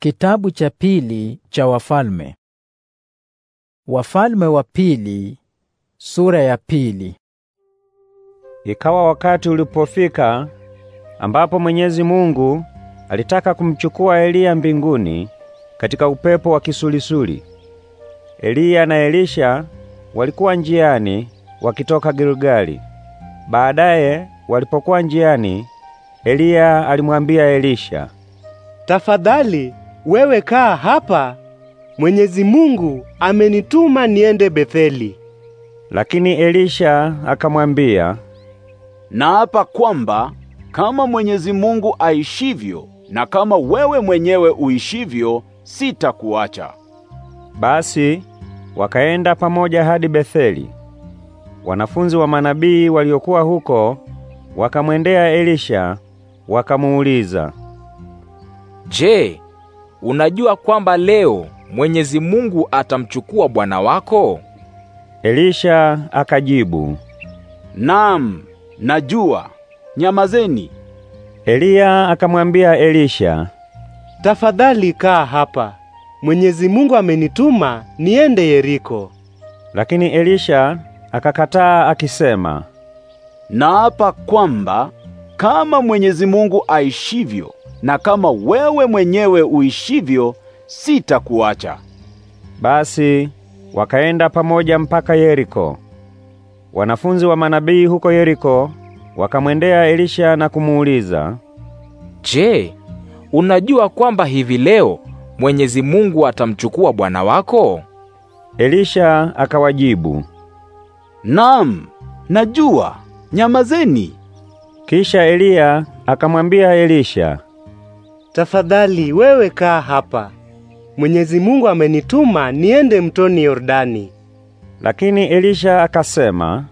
Kitabu cha pili cha Wafalme. Wafalme wa pili, sura ya pili. Ikawa wakati ulipofika ambapo Mwenyezi Mungu alitaka kumchukua Eliya mbinguni katika upepo wa kisulisuli. Eliya na Elisha walikuwa njiani wakitoka Gilgali. Baadaye walipokuwa njiani, Eliya alimwambia Elisha, "Tafadhali wewe kaa hapa, Mwenyezi Mungu amenituma niende Betheli. Lakini Elisha akamwambia, naapa kwamba kama Mwenyezi Mungu aishivyo na kama wewe mwenyewe uishivyo, sitakuacha. Basi wakaenda pamoja hadi Betheli. Wanafunzi wa manabii waliokuwa huko wakamwendea Elisha wakamuuliza, Je, unajua kwamba leo Mwenyezi Mungu atamchukua bwana wako? Elisha akajibu, Naam, najua. Nyamazeni. Eliya akamwambia Elisha, Tafadhali kaa hapa. Mwenyezi Mungu amenituma niende Yeriko. Lakini Elisha akakataa akisema, Naapa kwamba kama Mwenyezi Mungu aishivyo na kama wewe mwenyewe uishivyo, sitakuacha. Basi wakaenda pamoja mpaka Yeriko. Wanafunzi wa manabii huko Yeriko wakamwendea Elisha na kumuuliza, Je, unajua kwamba hivi leo Mwenyezi Mungu atamchukua bwana wako? Elisha akawajibu, Naam, najua. Nyamazeni. Kisha Eliya akamwambia Elisha, tafadhali wewe kaa hapa, Mwenyezi Mungu amenituma niende mtoni Yordani. Lakini Elisha akasema,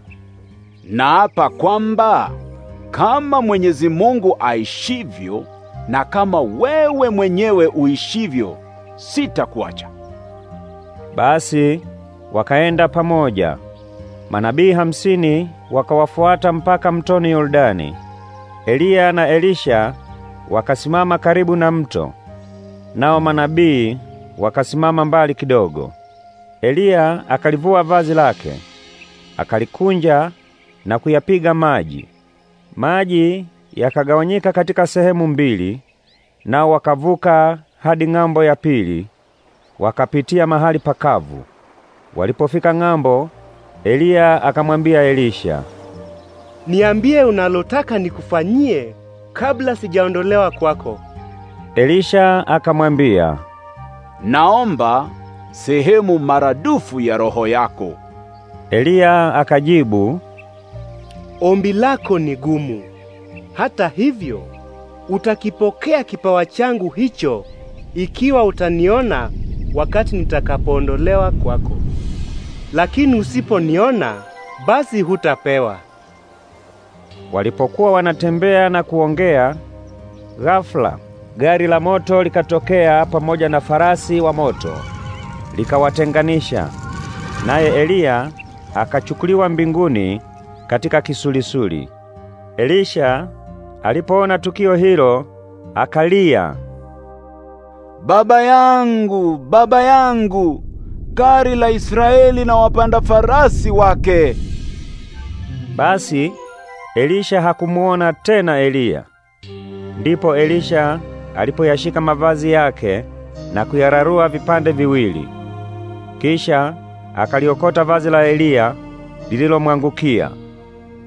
naapa kwamba kama Mwenyezi Mungu aishivyo na kama wewe mwenyewe uishivyo, sitakuacha. Basi wakaenda pamoja. Manabii hamsini wakawafuata mpaka mtoni Yordani. Eliya na Elisha wakasimama karibu na mto, nao manabii wakasimama mbali kidogo. Eliya akalivua vazi lake, akalikunja na kuyapiga maji. Maji yakagawanyika katika sehemu mbili, nao wakavuka hadi ng'ambo ya pili, wakapitia mahali pakavu. Walipofika ng'ambo, Eliya akamwambia Elisha, niambie unalotaka nikufanyie kabla sijaondolewa kwako. Elisha akamwambia, naomba sehemu maradufu ya roho yako. Eliya akajibu, ombi lako ni gumu, hata hivyo utakipokea kipawa changu hicho ikiwa utaniona wakati nitakapoondolewa kwako, lakini usiponiona basi hutapewa. Walipokuwa wanatembea na kuongea, ghafla gari la moto likatokea pamoja na farasi wa moto likawatenganisha, naye Eliya akachukuliwa mbinguni katika kisulisuli. Elisha alipoona tukio hilo akalia, baba yangu, baba yangu, gari la Israeli na wapanda farasi wake! Basi Elisha hakumuona tena Eliya. Ndipo Elisha alipoyashika mavazi yake na kuyararua vipande viwili. Kisha akaliokota vazi la Eliya lililomwangukia.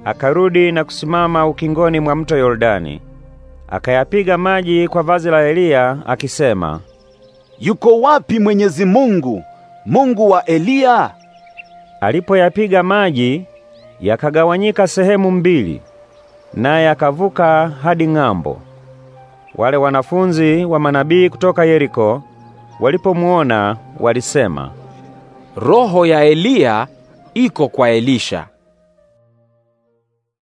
Akarudi na kusimama ukingoni mwa mto Yordani. Akayapiga maji kwa vazi la Eliya akisema, Yuko wapi Mwenyezi Mungu, Mungu wa Eliya? Alipoyapiga maji, yakagawanyika sehemu mbili, naye akavuka hadi ng'ambo. Wale wanafunzi wa manabii kutoka Yeriko walipomuona walisema, roho ya Eliya iko kwa Elisha.